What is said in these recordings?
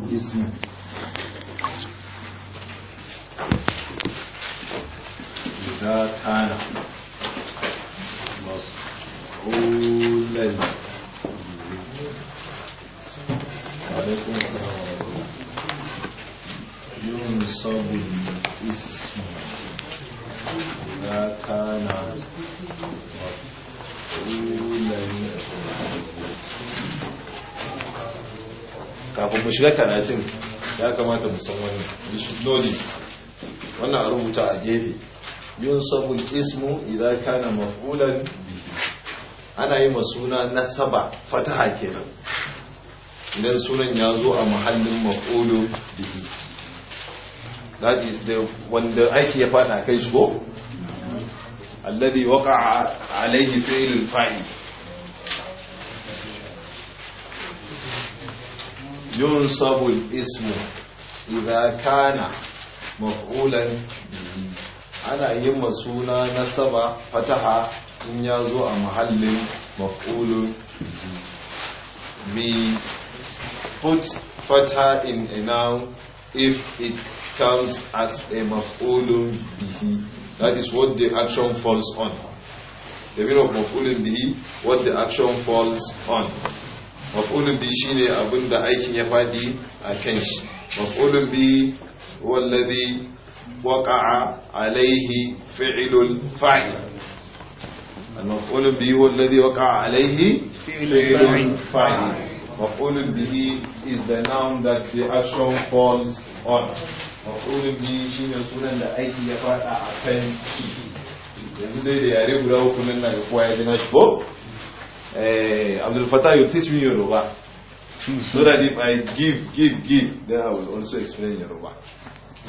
बुद्धिस्ट में विधाता mu shiga karatun ya kamata mu san wannan we should know this wannan rubuta a gefe yun sabul ismu idza kana maf'ulan bihi ana yi ma suna nasaba fataha kenan idan sunan ya zo a muhallin maf'ulu bihi that is the wanda aiki ya fada kai shi ko alladhi waqa'a alayhi fi'l fa'il ينصب الاسم إذا كان مفعولا به ana yi masuna nasaba fataha إن ya zo a muhallin maf'ulun bi put fata in a noun if it comes as a مفعول bihi that is what the action falls on the meaning of مفعول bihi what the action falls on maf'ulun bi shine abin da aikin ya fadi a kan shi maf'ulun bi wallazi waqa'a alaihi fi'lul fa'il maf'ulun bi هو الذي وقع عليه فعل فاعل مفعول bi is the noun that the action falls on maf'ulun bi shine sunan da aiki ya fada a kan yanzu dai da yare guda uku nan na ga kowa ya ji nashi ko uh, Abdul Fatah, you teach me Yoruba. so that if I give, give, give, then I will also explain Yoruba.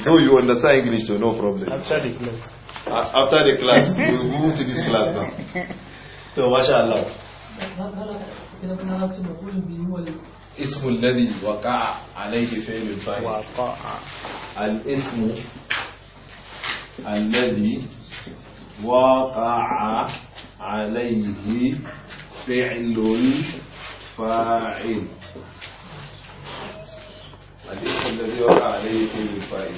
Though you understand English, no problem. After the class. Uh, after the class. we move to this class now. So, mashallah. اسم الذي وقع عليه فعل الفاعل وقع الاسم الذي وقع عليه فعل فاعل الاسم الذي وقع عليه فعل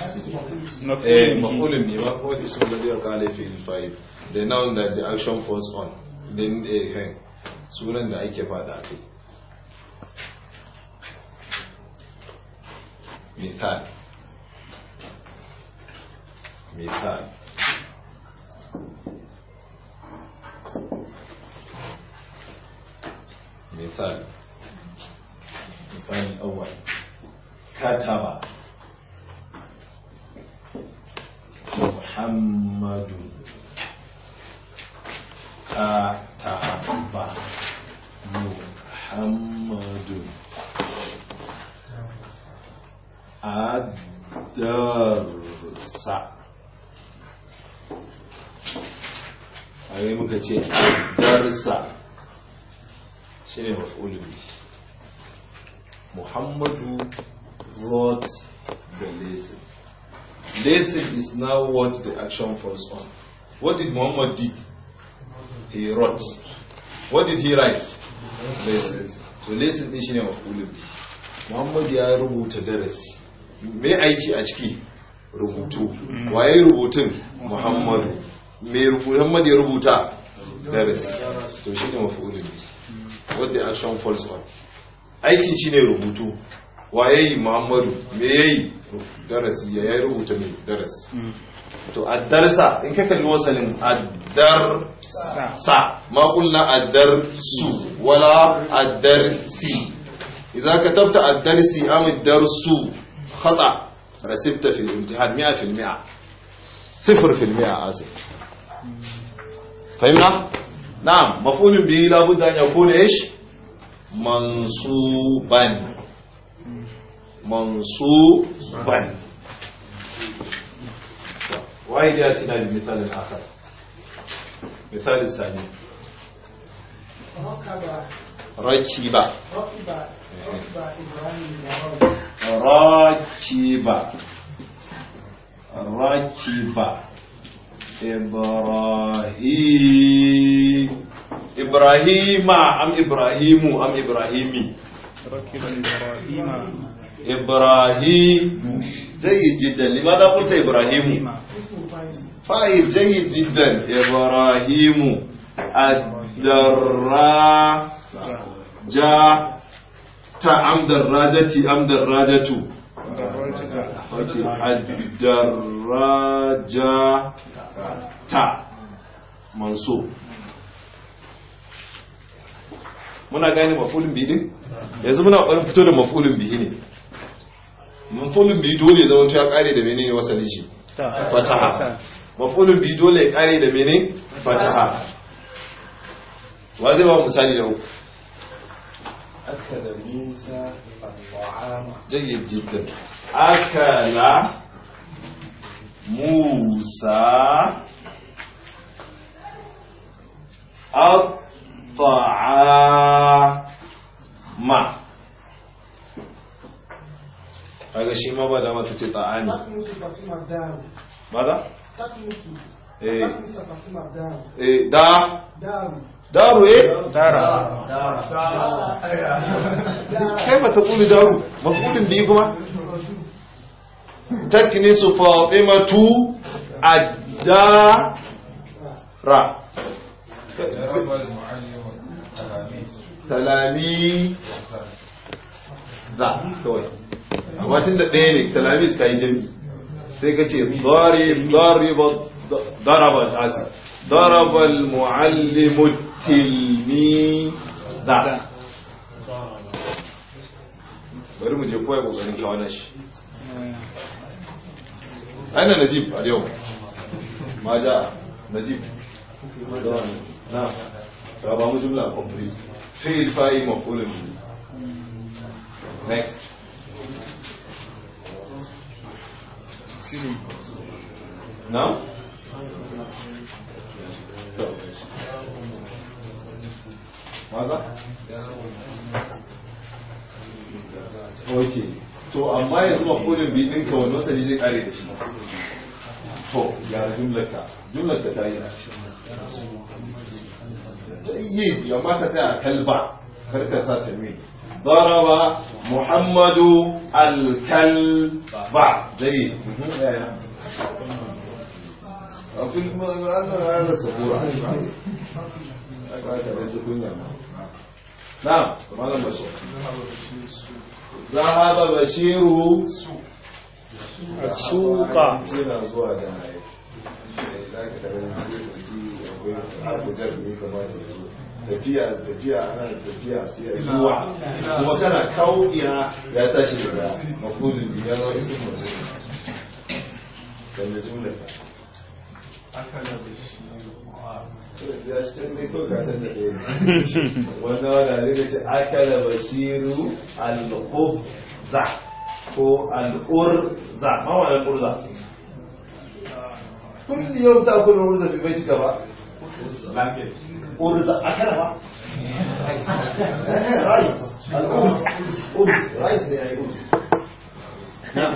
فاعل مفعول به هو الاسم الذي وقع عليه فعل فاعل the noun that the action falls on then eh sunan da ake fada kai misal misal misali misali awal kataba muhammadu kataba muhammadu adarsa a yi ce adarsa shine maf'ulun bihi Muhammadu wrote the lesson. Lesson is now what the action falls on. What did Muhammad did? He wrote. What did he write? Lesson. To lesson din shine maf'ulun bihi. Muhammad ya rubuta darasi. Me aiki a ciki? Rubutu. Waye rubutun? Muhammadu. Me Muhammad ya rubuta? Darasi. To shine maf'ulun bihi. what the action falls on aikin shi ne rubutu waye muhammadu me yayi darasi ya yi rubuta mai darasi to addarsa in ka kalli wasanin addarsa ma kulla addarsu wala addarsi idan ka tabta addarsi am addarsu khata rasibta fil imtihan 100% 0% asif fahimna na'am mafulin bihi la budda an yakuna ish mansuban mansuban wai da na da misalin akhar misalin sani rakiba rakiba rakiba ibrahim ibrahima am ibrahimu am ibrahimi ibrahimu jayid jiddan limada qulta ta am darajati am adarraja ta manso muna gane mafulin bihi ne? yanzu muna ƙwarin fito da mafulin bihi ne mafulin bihi dole zama ya ƙare da menene wasa shi fataha mafulin bihi dole ya ƙare da menene fataha wa zai ba misali da uku da musa al jayyar jiddar aka na Musa taama kaga shi ma ba da mata ce ta'ani ba da? Eh. eh da daru eh dara kaifa taqulu daru mafulun bi kuma taknisu fatimatu ad-dara talami za ne talami suka yi sai ka ce darabal bari mu je koya ƙoƙarin kawo na shi Aina Najib Adeoma, Maidya Najib. Yabana. Na dafa amajum na koma bi. Faye Faye Mok ule mu. Next. Na. Mazak. to amma yanzu mafulin bi ɗinka wani wasali zai kare da shi to gyara jumlarka jumlarka ta yi ta yi amma ka tsaya kalba karka sa ta mini ضرب محمد الكلب جيد في المعنى أنا صبورة na'am malam bashi zahaba bashiru suqa yana zuwa da tafiya tafiya ana tafiya sai zuwa kuma kana kauya ya tashi daga mafulin biya na isin mutum dan da jumla akala bashiru ya shi can ce akala bashiru al-qubza ko al Urza. ma al kun yau ta kula urza bai bai cika ba urza akala ba rice al-urz rice ne ai urz na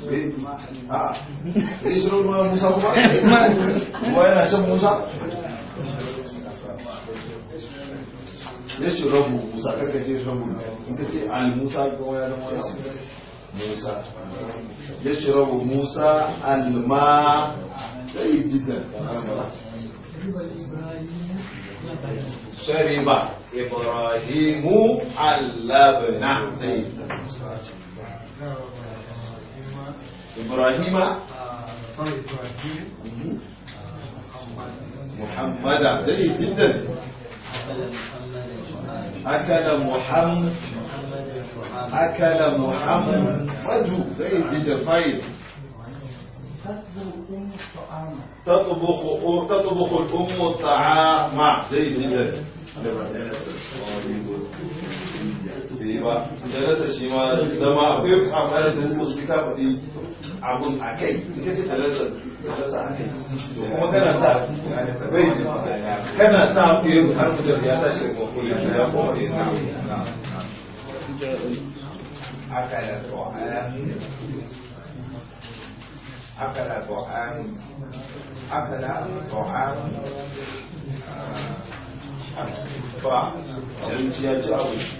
a zai shirar ruwa musa ba kuma yana shan musa ya ce musa kanka ce rabu musa. ka al musa kuma ya zama wani musa ya ce rabu musa alma sai jidan شرب إبراهيم اللبن إبراهيم آه، طيب، محمد جيد جدا أكل محمد أكل محمد جيد جدا فايد تطبخ تطبخ الأم الطعام جيد جدا ba da rasa shi ma zama akwai amfani da suka suka abun a kai in ce talasa talasa a kai kuma kana sa bai kana sa har ya tashi daga kuli ya koma islam akala ta'am akala ta'am akala ta'am ba abinci ya ci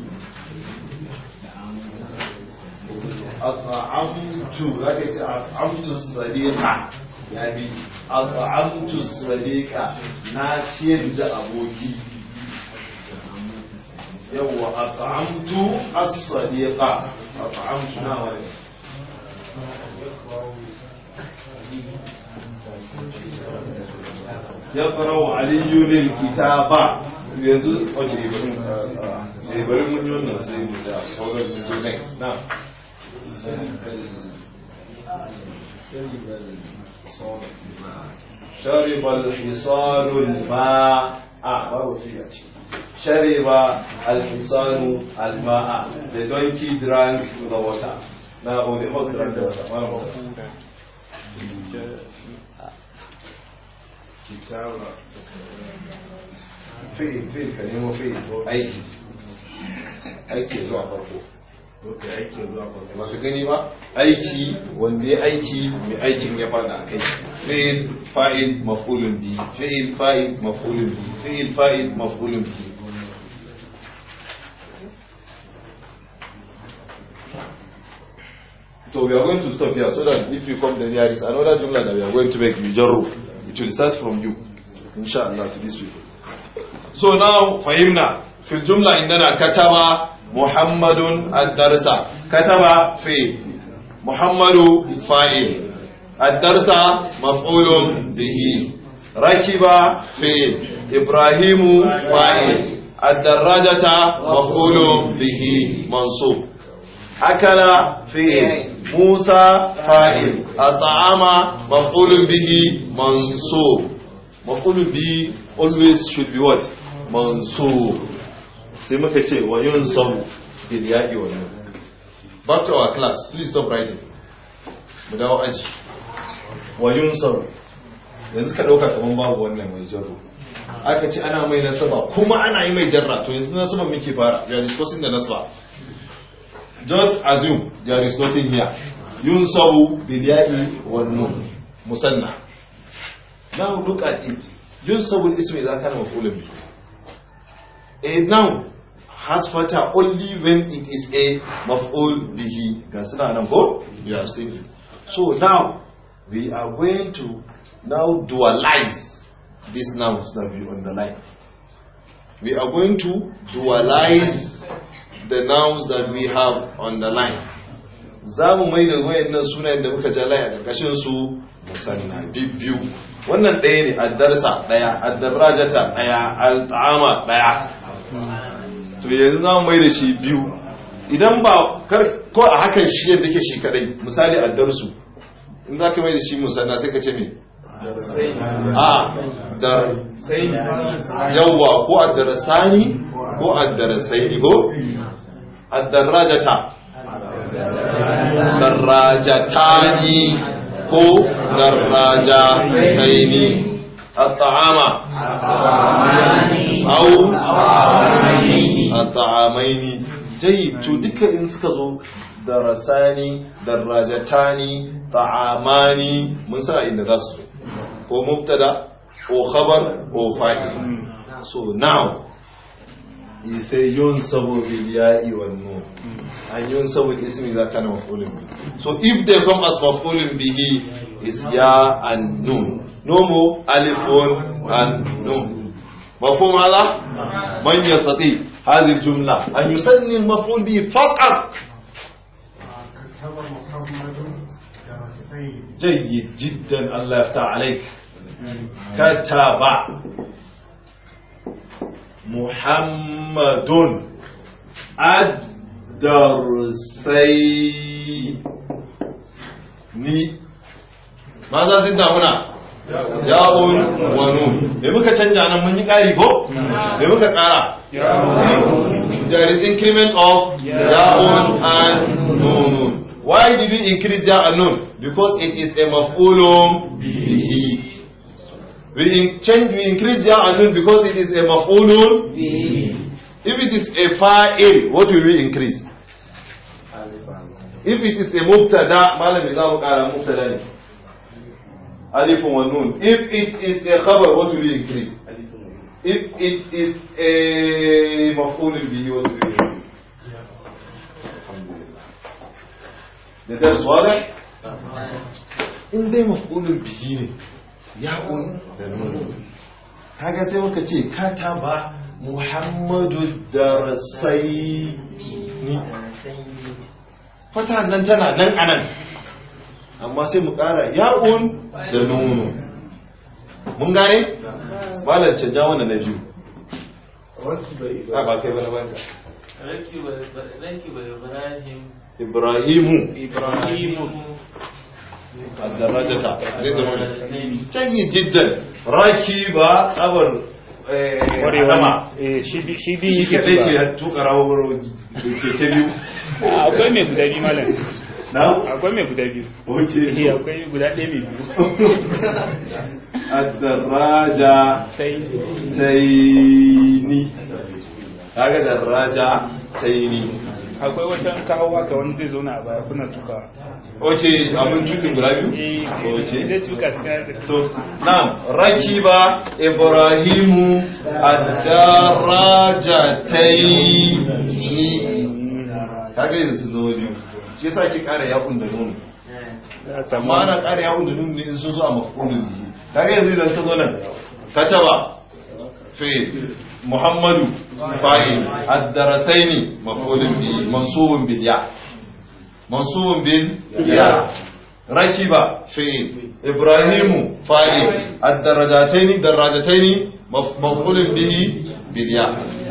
at'amtu zaka ce at'amtu sadiqa ya bi at'amtu sadiqa na ciyar da aboki yawwa at'amtu as-sadiqa at'amtu na wani يقرأ علي الكتاب yanzu wajen mun yi wannan sai musa a zo next now شرب الحصان الماء أخبر فيها شرب الحصان الماء the donkey drank the water now or the horse drank the water كتاب فين فين كان هو فين أيكي أيكي زوع برضو masu gani ba aiki wanda ya aiki mai aikin ya fada a kai fa'il fa'il maf'ulun bi fa'il fa'il maf'ulun bi fa'il fa'il maf'ulun bi So we are going to stop here so that if you come then there is another jumla that we are going to make jarro It will start from you. Inshallah to these people. So now, fahimna. Fil jumla indana kataba muhammadun addarsa kataba fi muhammadu fa'il addarsa maf'ulun bihi rakiba fi ibrahimu fa'il addarajata maf'ulun bihi mansub akala fi musa fa'il at'ama maf'ulun bihi mansub maf'ulun bihi always should be what mansub sai muka ce wa yun sabu bil ya'i wa nun back to our class please stop writing mu dawo aji wa yun sabu yanzu ka dauka kaman babu wannan mai jarru aka ce ana mai nasaba kuma ana yi mai jarra to yanzu nasaban muke fara we are discussing the nasaba just assume there is nothing here yun sabu bil ya'i wa nun musanna now look at it yun sabu ismi idan na mafulun bihi Eh, now, has fatha only when it is a maf'ul bihi ga suna nan ko you have seen it so now we are going to now dualize these nouns that we underline we are going to dualize the nouns that we have underlined za mu mai da wayannan sunayen da muka jalaya a ƙarƙashin su musanna biyu wannan ɗaya ne addarsa ɗaya addarrajata ɗaya al'ama ɗaya da yanzu za mu mai da shi biyu idan ba ko a hakan shi yadda ke shi kadai misali a darsu in za ka mai da shi musanna sai ka ce me a dar yawwa ko a darasani ko a darasai ko a darajata darajatani ko darajataini الطعام أو الطعامين جيد تو دكا إن suka zo darasani darajatani ta'amani mun sa inda za su ko mubtada ko khabar ko fa'il so now sai yunsabu bil ya'i wan nun an yunsabu ismi za kana maf'ulun bi so if they come as maf'ulun bihi is ya and noon no more alifun and noon مفهوم هذا من يستطيع هذه الجملة أن يسني المفعول به فقط جيد جدا الله يفتح عليك كتب محمد الدرسين maza zidna muna ya'un wa nun da muka canja nan mun yi ƙari ko da muka ƙara there is increment of ya'un and nun why did we increase ya and nun because it is a maf'ulum bihi we change we increase ya and nun because it is a maf'ulun bihi if it is a fa'il what will we increase if it is a mubtada malami za mu ƙara mubtada ne alif wa nun if it is a khabar what will increase if it is a maful bihi what will increase alhamdulillah da dars wadah in dai mafulul bihi ya ya'un da nun kaga sai muka ce kataba muhammadu darasai ni fata nan tana nan anan amma sai mu ƙara ya'un da nunu mun gane? malar canja wannan na biyu a ah, ba kai bane bane ibrahimu a الدراجة جيد A راكبة أول tukara keke biyu akwai mai guda biyu malam na akwai mai guda biyu oke eh, akwai guda ɗaya mai biyu addaraja taini kaga daraja taini akwai wajen kawo haka wani zai zauna a baya kuna tuka oke abin tukin guda biyu eh, oke eh, zai tuka to na'am rakiba ibrahimu Adaraja taini kaga yanzu zama biyu shi yasa ki ƙara yaƙun da nuni amma ana ƙara yaƙun da nuni ne in sun zo a mafulun biyu. kaga yanzu idan ta zo nan kataba fa'il muhammadu fa'il addarasai ne mafukunin bihi mansubin bil ya mansubin bil ya rakiba fa'il ibrahimu fa'il ad-darajataini darajataini mafulun bil ya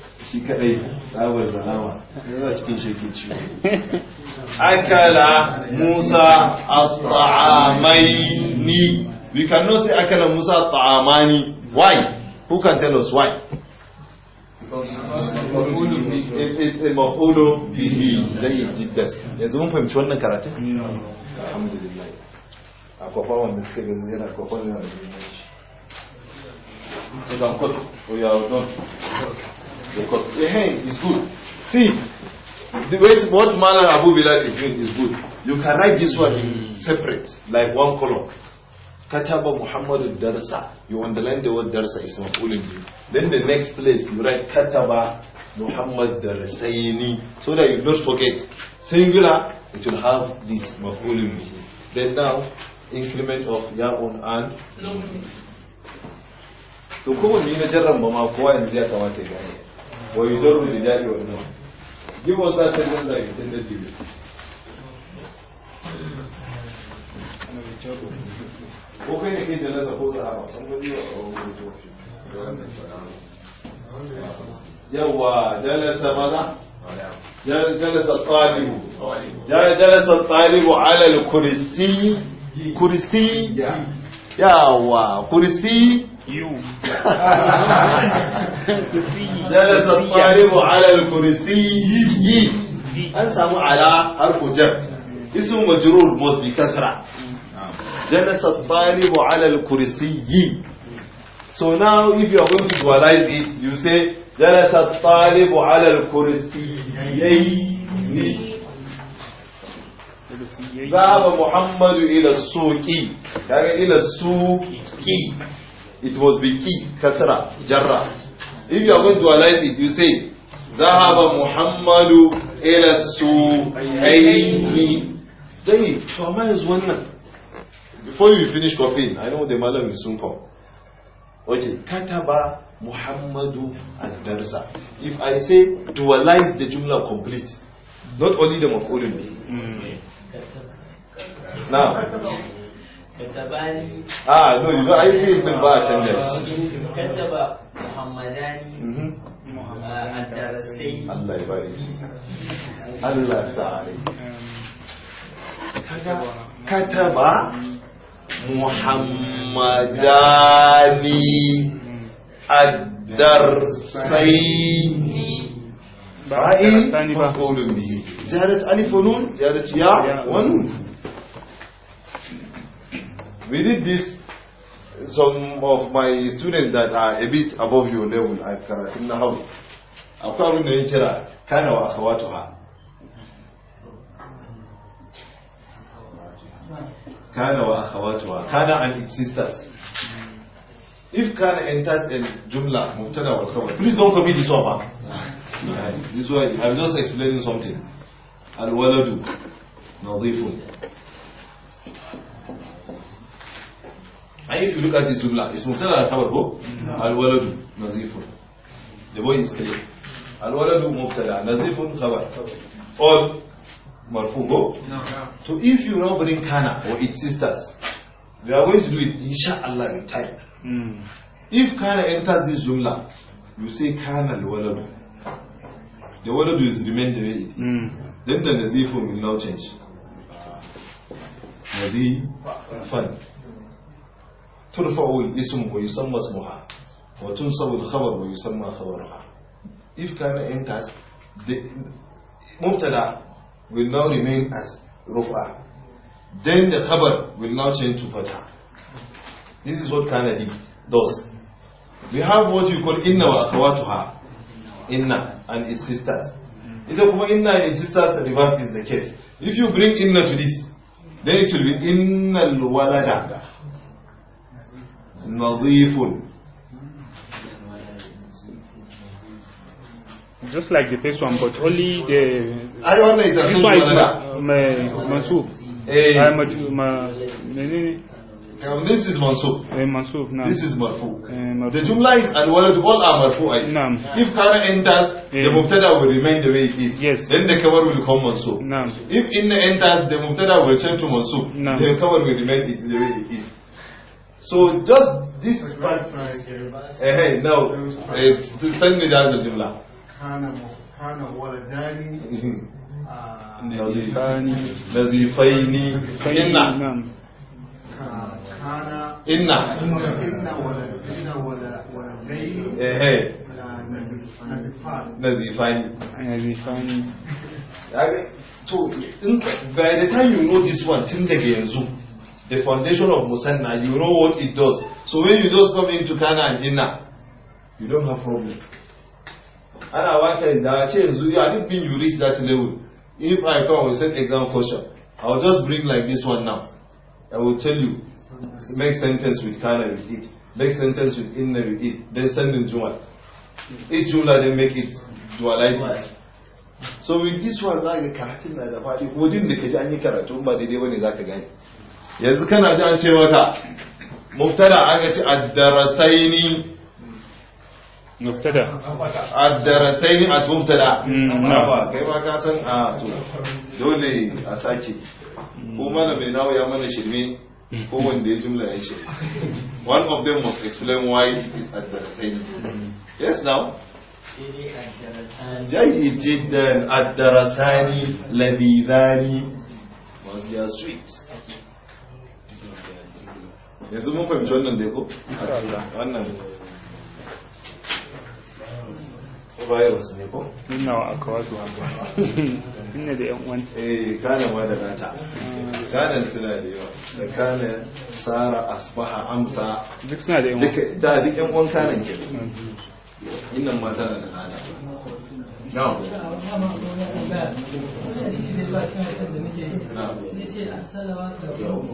shi kadai tsabar zalama a cikin shekin ciwo akala musa at ni we can not say akala musa at-ta'amani why who can tell us why mafulu bihi jayyid jiddan yanzu mun fahimci wannan karatun alhamdulillah kwafa wanda suke gaza yana akwafa yana da muhimmanci Is on good. Because, eh, hey, it's good. See, the way what Malam Abu Bilal is doing is good. You can write this one in hmm. separate, like one column. Kataba Muhammad Darsa. You underline the word Darsa is maf'ulun Then the next place you write Kataba Muhammad Darsaini so that you don't forget. Singular, it will have this maf'ulun Then now increment of ya'un and to kowanne na jarran ba ma kowa yanzu ya kamata ya gane wa yujarru lidai wa nawm give us that sentence that intended to be ko kai ne kai jalasa ko sahaba sun gwaji wa kawo mutu yawa jalasa maza jalasa talibu jalasa talibu alal Kurisi? kursi yawa kurisi? you جلس الطالب على الكرسي an samu ala harfu jar ismu majrur must bi kasra جلس الطالب على الكرسي so now if you are going to visualize it you say جلس الطالب على الكرسيين ذهب محمد إلى السوق كان إلى السوق it must be key, kasra jarra if you are going to analyze it you say zahaba muhammadu ذهب محمد إلى السوقين طيب فما يزولنا before you finish coughing I know the malam will soon come okay kataba Muhammadu ad-darsa if I say dualize the jumla complete not only the maf'ulun bi hmm. now كتباني اه نو يو اي في بالباء تنجس كتب محمداني آه، الدرسي الله يبارك الله يفتح كتب محمداني الدرسين فاعل مفعول به زيادة ألف ونون زيادة ياء ونون We did this. Some of my students that are a bit above your level, I can na hau. Akwai abin da ya kira kana wa akhawatuha. Kana wa akhawatuha. Kana and its sisters. If kana enters a jumla, mubtada wal khabar. Please don't commit this one. Huh? this one, I'm just explaining something. Al waladu nadhifun. And if you look at this jumla, it's mubtada al khabar Al-waladu nazifun. The boy is clean. Al-waladu mubtada, nazifun khabar. Or marfu go. So if you now bring kana or its sisters, we are going to do it inshallah with time. Hmm. If kana enters this jumla, you say kana al-waladu. The waladu is remained the way it is. Mm. Then the nazifun will now change. Nazifun. ترفع الاسم ويسمى اسمها وتنصب الخبر ويسمى خبرها if كان enters the مبتدا will now remain as رفع then the khabar will now change to fatha this is what kana did does we have what you call inna wa akhawatuha inna and its sisters ita kuma inna and its sisters reverse is the case if you bring inna to this then it will be inna al Nadifun. Just like the first one, but only the. I don't know this one is ma, um, this is Mansub. Eh, This is Marfu. Eh, the Jumla is Al Walad, all are If Kana enters, the eh. Mubtada will remain the way it is. Yes. Then the cover will become Mansub. No. If Inna enters, the Mubtada will change to Mansub. No. The cover will remain the way it is. So just this is part. Eh, hey, no, eh, it's the same as the jumla. كان ولدان نزيفان نزيفين إن كان إن إن ولدين ولدين إيه نزيفان نزيفان to by the time you know this one tun daga yanzu the foundation of Musanna, you know what it does. So when you just come into Kana and Inna, you don't have problem. I waka da ce change? I didn't mean you reach that level. If I come with an exam question, I'll just bring like this one now. I will tell you, make sentence with Kana with it, make sentence with Inna with it, then send in Jumla. Each Jumla they make it, dualize it. So with this one like a karatun like da faɗi ko din da ka ji an yi karatu ba daidai bane za yanzu kana ji an ce maka muftada aka ci addarasaini muftada addarasaini as muftada mm, ba kai ba ka san a ah, to dole a sake ko mana mm. mai nawo ya mana shirme ko wanda ya jumla ya shirme one of them must explain why it is addarasaini mm. yes now جيد جدا Addarasani لذيذان was they sweet yanzu mun fahimci wannan da ko wannan virus ne ko inna wa akawatu inna da yan wani. eh kana wa da nata ah. kana suna da yawa da kana sara asbaha amsa duk suna da yan wani da duk yan wani kanan ke innan mata da nata na'am na'am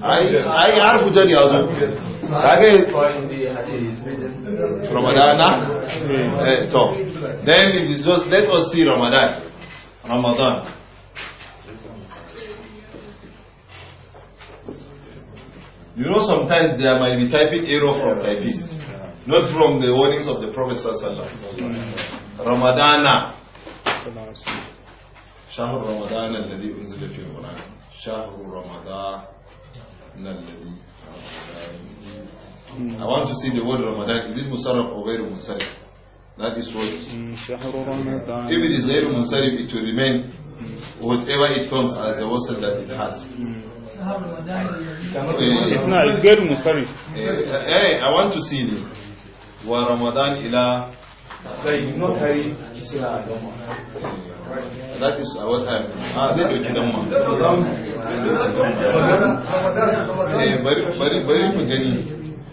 I, I are Pujari also. Okay. Ramadan. Uh, so then it is just let us see Ramadan. Ramadan. You know sometimes there might be typing error from typist, not from the warnings of the Prophet Sallallahu Ramadana. شهر رمضان الذي أنزل فيه القرآن شهر رمضان I want to see the word Ramadan. Is it Musarraf or Gairu Musarraf? That is what. Mm, if it is Gairu Musarraf, it will remain whatever it comes as the wasal that it has. Mm. It's not, it's Musarraf. Hey, I want to see it. Wa Ramadan ila sai makari suna damma that is our time ah zai dauki damma eh bari bari bari mu gani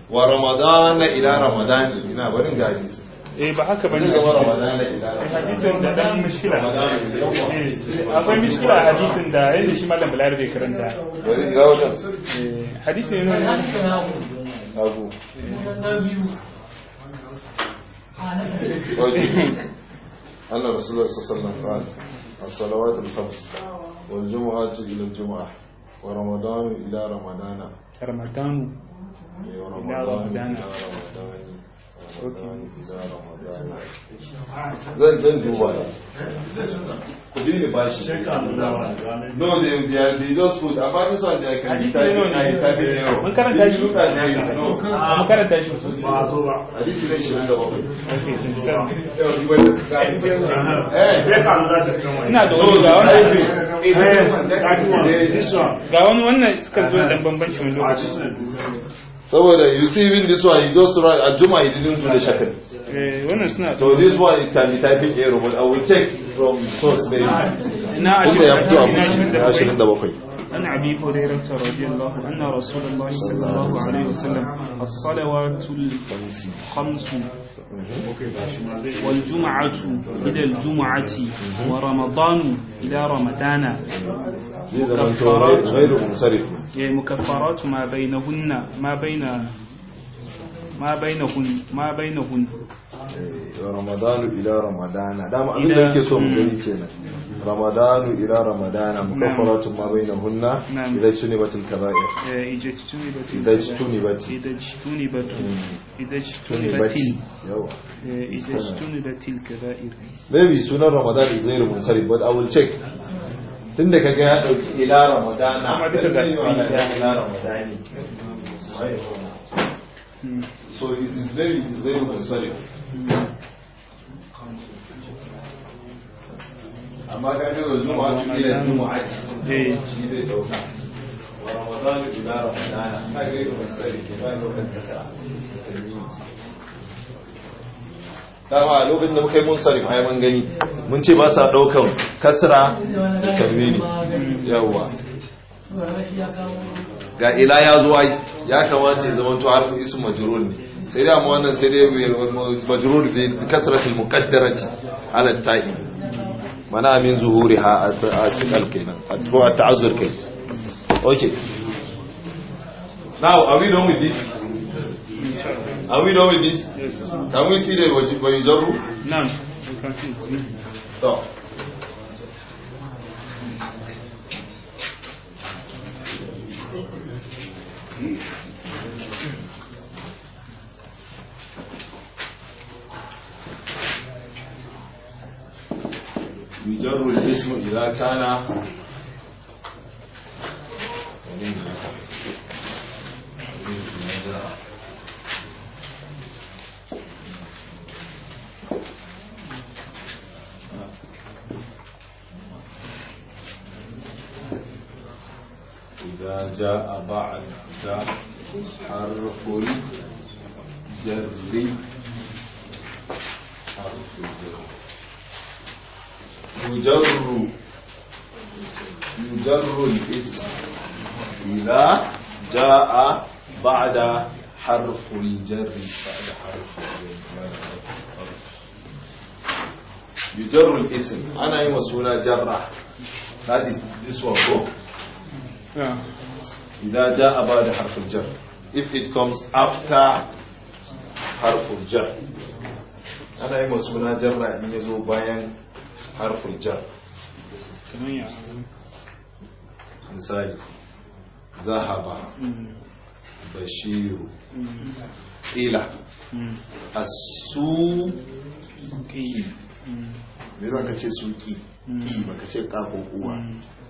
wa ramadana ila ramadani ina barin gaji eh ba haka bane ga ramadana ila hadisin da dan mishkila eh, akwai a hadisin da yayin shi mallam bilal bai karanta bari ga wajen eh, hadisin ne na biyu أن رسول الله صلى الله عليه وسلم قال الصلوات الخمس والجمعة إلى الجمعة ورمضان إلى رمضان رمضان ورمضان إلى رمضان zan zan duba da ku bi ni bashi no they they are they just put about this one they can decide I type it now mun karanta shi ah, mun karanta shi ba zo ba eh, eh, uh-huh. eh, a disi ne shi da bakwai eh sai ka da kuma ina da wani ga wani eh ga wani wannan suka zo da bambancin lokaci ah, saboda you see even this one he just write a juma he didn't do the shakal eh, so this one it can be typing error but I will check from source maybe ah, kuma ya fito a ashirin da bakwai عن أبي هريرة رضي الله أن رسول الله صلى الله عليه وسلم الصلوات الخمس والجمعة إلى الجمعة ورمضان إلى رمضان وكفارات غير منصرف ya yi mukaffaratu ma bainahunna ma baina ma bainahun ma bainahun ramadanu ila ramadana dama abin da yake so mu gani kenan ramadanu ila ramadana mukaffaratu ma bainahunna idan tuni batun kaba'ir idan tuni batul idan tuni batul idan tuni idan tuni batul yawa idan tuni maybe sunan ramadan is zairu munsarif but i will check tun da kaga ya dauki ila ramadana amma duka ga ila ramadani hmm. so it is very it is very concerning amma ka ga juma'a ta ila juma'a eh shi zai dauka wa ramadana ila ramadana ka ga concerning ba lokacin kasa dama a lobin da muka yi munsarin ai mun gani mun ce ba sa daukan kasra da tanwini yawwa ga ila ya zo ai ya kamata ya zama to harfu ism majrur ne sai dai amma wannan sai dai majirun kasra fi mukaddara ce ala ta'i mana min zuhuriha asqal kenan atwa ta'azzur kenan ok now are we done with this Are we done with this? Yes, sir. Can we see the Wajibu? No, we can see it. So. يجر الاسم إذا كان جاء بعد حرف الجر حرف الجر يجر يجر الاسم إذا جاء بعد حرف الجر بعد حرف الجر يجر الاسم أنا يوم أيوة سونا جرح هذه دي سوى idan za a ba da harfin jar if it comes after harfin jar ana yi masu muna jar bayan harfin jar misali za a ba ba shi yi tsila a su ƙi ne ka ce su ba ka ce ƙafo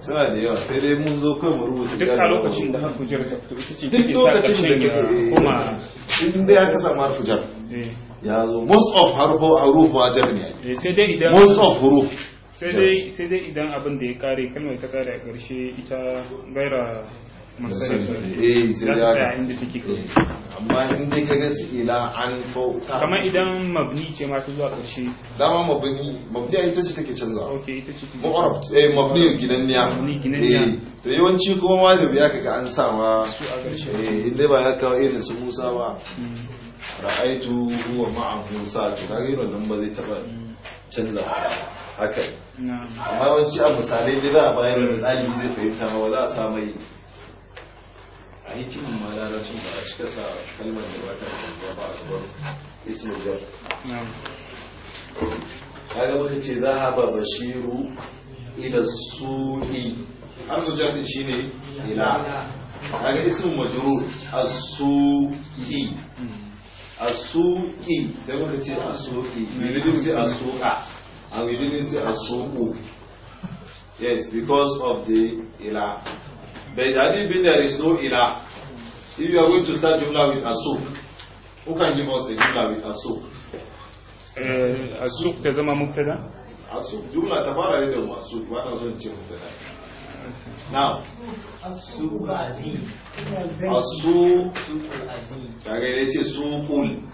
suna da yawa sai dai mun zo kai mu rubuta duk a lokacin da harfujar ta fito ita ce duk lokacin da eh, kuma in dai aka samu harfujar eh. ya zo most of harfo a rufu a jar ne eh, sai dai idan most of huruf sai dai sai dai idan abin da ya kare kalmar ta kare a ƙarshe ita gaira masarrafa eh sai dai inda take amma in dai ka ga ila an fo ta kamar idan mabni ce ma ta zuwa ƙarshe dama mabni mabni a ita ce take canza okay ita ce mu'arab eh mabni ginanniya mabni ginanniya eh, to yawanci kuma ma da biya kaga an sa ma su a ƙarshe eh inda ba ya kawo irin su Musa ba hmm. ra'aitu huwa ma'a Musa to ka ga nan ba zai taba canza haka amma yawanci a misalai da za a bayar da ɗalibi zai fahimta ma ba za a samu a hikimin ma larabcin ba a cika sa kalmar da ba ta canza ba a gaban ismin jar kaga muka ce zahaba bashiru ila su'i harsu jar din shine ila kaga ismin majrur A suqi as-suqi sai muka ce as-suqi ne duk sai as-suqa and we didn't say as-suqu yes because of the ila But it hadn't been there is no ilah. If you are going to start Jumla with Asuk, who can give us a Jumla with Asuk? Uh, asuk ta zama muktada? Asuk, Jumla ta fara yi da Asuk, ba na son ce muktada. Now, Asuk Azim. Asuk Kaga ya ce sukul,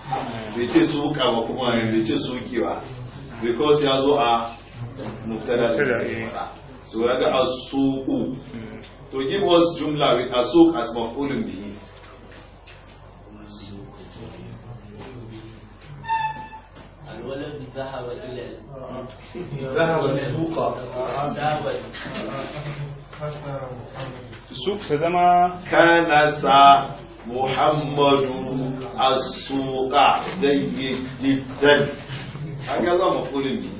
bai ce suka ba kuma bai ce suki ba. Because ya zo a muktada da So ya ga Asuku. to give us jumla with asuk as maf'ulun bihi الولد ذهب إلى ذهب السوق السوق فدما كان سا محمد السوق جيد جدا هكذا مفعول به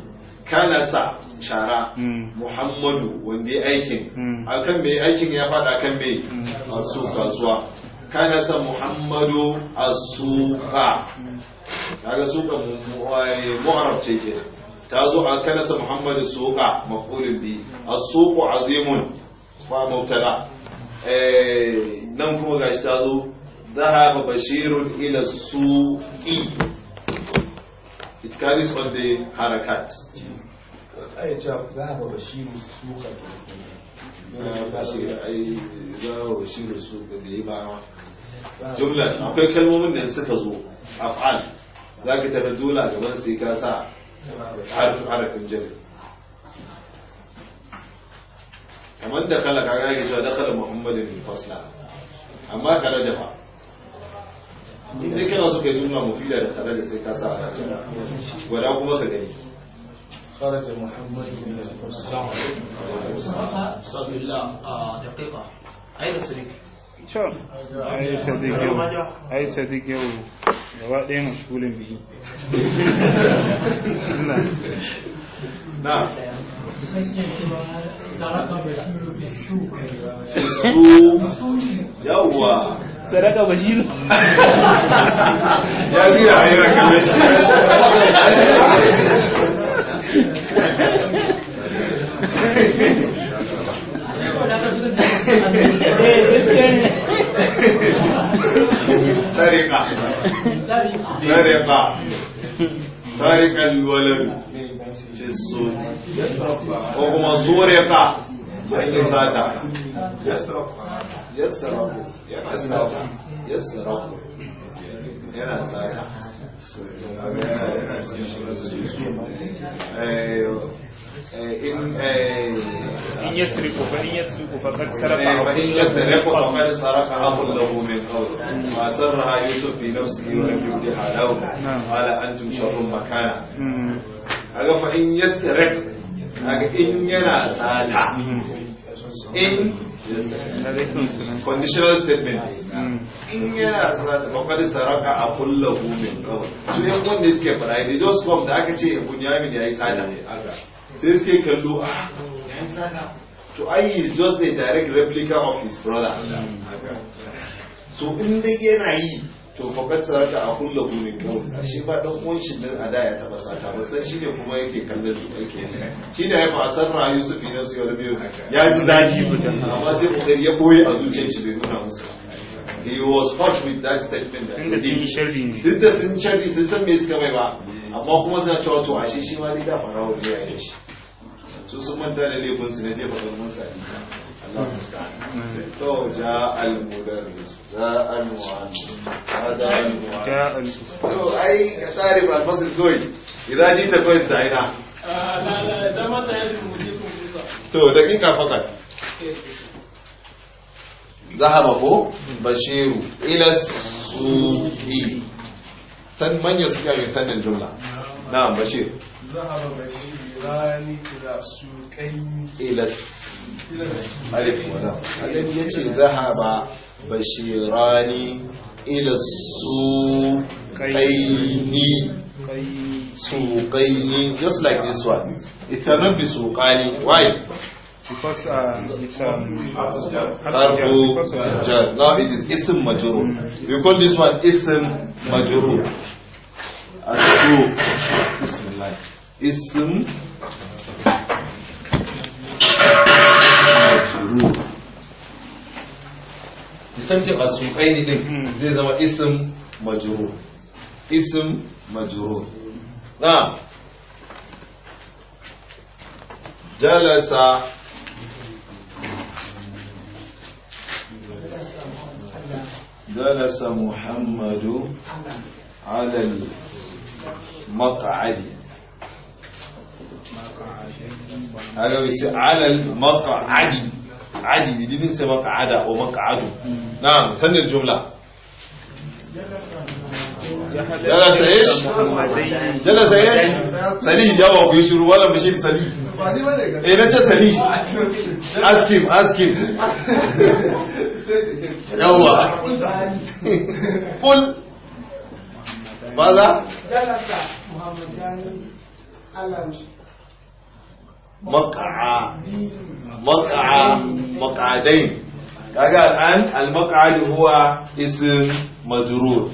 kana sa mm. shara mm. muhammadu wanda ya aikin mm. akan mai aikin ya fada kan mai masu kasuwa kana sa muhammadu asuka kaga suka eh, mu'arab ce ke ta zo a kana sa muhammadu suka mafulin bi asuku azimun fa mubtada eh, nan kuma gashi ta zo ذهب بشير إلى السوق It carries all the harakat. ذهب بشير السوق أي ذهب بشير السوق اللي يبقى جملة أكوي كلمة من نسكزو أفعال ذاك تردولا جمال سيكاسا حرف حرف جميل kamar da kala kaga yake cewa dakhala muhammadin fasla amma kharaja fa لكن أنا سكت ما مفيد على خلال السكة ساعة ولا أقوم أسكت خرج محمد بن السلام صلى الله دقيقة أين سنك شو أي صديق أي صديق يو وقتين مشغولين به نعم نعم في السوق يوه سرقة bashiru يا ji عيرك yi سرقة سرقة الولد في الصوت وهو سرقة أي يسرق يسرق يسرق يسرق yana sata in yasriku fa in yasriku fa qad sarafa fa in yasriku fa qad sarafa ahu lahu min qawl wa sarra yusuf fi nafsihi wa lam yubdiha lahu qala antum sharrun makana aga fa in yasrik aga in yana sata in conditional statement hmm. in yana sarata faƙar saraka a kulla gumin kawai su yan wanda suke fara ne just from da aka ce bunyamin ya yi sata ne sai suke kallo ah ya yi sata to ai is just a direct replica of his brother hmm. so in dai yana yi to fakat sarata a kulla gumin kawai a shi ba dan uwan shi din a da ya taba sata ba sai shi ne kuma yake kallon su yake shi da ya fa sarra yusuf ne su yau biyu ya ji zaki amma sai kokari ya koyi a zuciyar shi bai nuna musu he was hot with that statement da din sharri din da sun sharri sun san me suka mai ba amma kuma suna cewa to ashe shi ma da farawo ne ya yi shi su sun manta da laifin su na jefa kalmun sa جاء المدرس جاء المعلم هذا جاء اي تعرف الفصل كويس اذا جيت كويس هنا لا لا ده ما تو دقيقه فقط ذهب فوق بشير الى السوق ثن من يستطيع ثن الجمله نعم بشير ذهب بشير الى السوق الى السوق alif wala alif yace zahaba bashirani ila suqaini suqaini just like this one it cannot be suqani why because uh, it's um, harfu jar now it is ism majrur you call this one ism majrur as ism ism استمتع بالشيخين دين زي زما اسم مجرور اسم مجرور نعم جلس جلس محمد على المقعد على المقعد عادي بدي ننسى مقعد أو مقعد نعم ثاني الجملة جلس ايش جلس ايش سلي جواب يشور ولا بشير سلي ايه نجا سلي اسكيم اسكيم يوا قل ماذا جلس محمد جاني على maka'a maka'adain kaga an al-maka'ad huwa isim majrur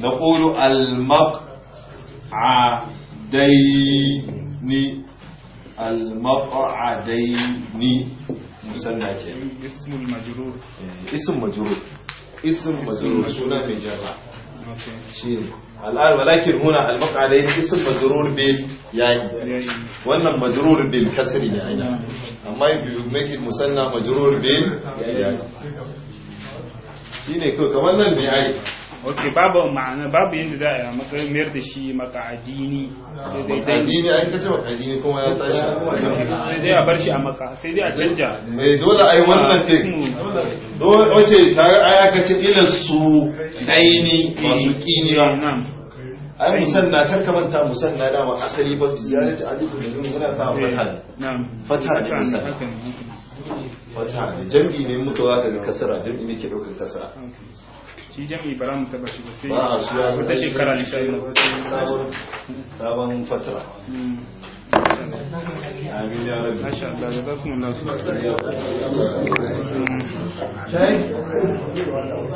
naqulu al-maq'adaini al-maq'adaini musanna ke ismul eh, majrur ism majrur ism majrur suna mai jarra okay shi walakin huna al-maq'adaini ism majrur bil yayi wannan majrur bil kasri ne aina amma if you make it musanna majrur bil yayi shine ko kamar nan ne ai ok babu ma'ana babu yadda za a matsayin mayar da shi maka addini Adini ai kace maka addini kuma ya tashi sai dai a bar shi a maka sai dai a canja eh dole ai wannan din hmm. dole wace ta ai aka ce ila su daini masu kini ba eh, ai musanna karka manta musanna dama asali ba ziyarati alifu da nun muna sa fata ne eh, fata ne musanna fata ne jam'i ne muka waka ga kasara jam'i ne ke daukar kasara shi jam'i bara mu taba shi ba sai ba shi ya wata shekara ne sai sabon sabon fatra amin ya rabbi masha Allah jazakumullahu khairan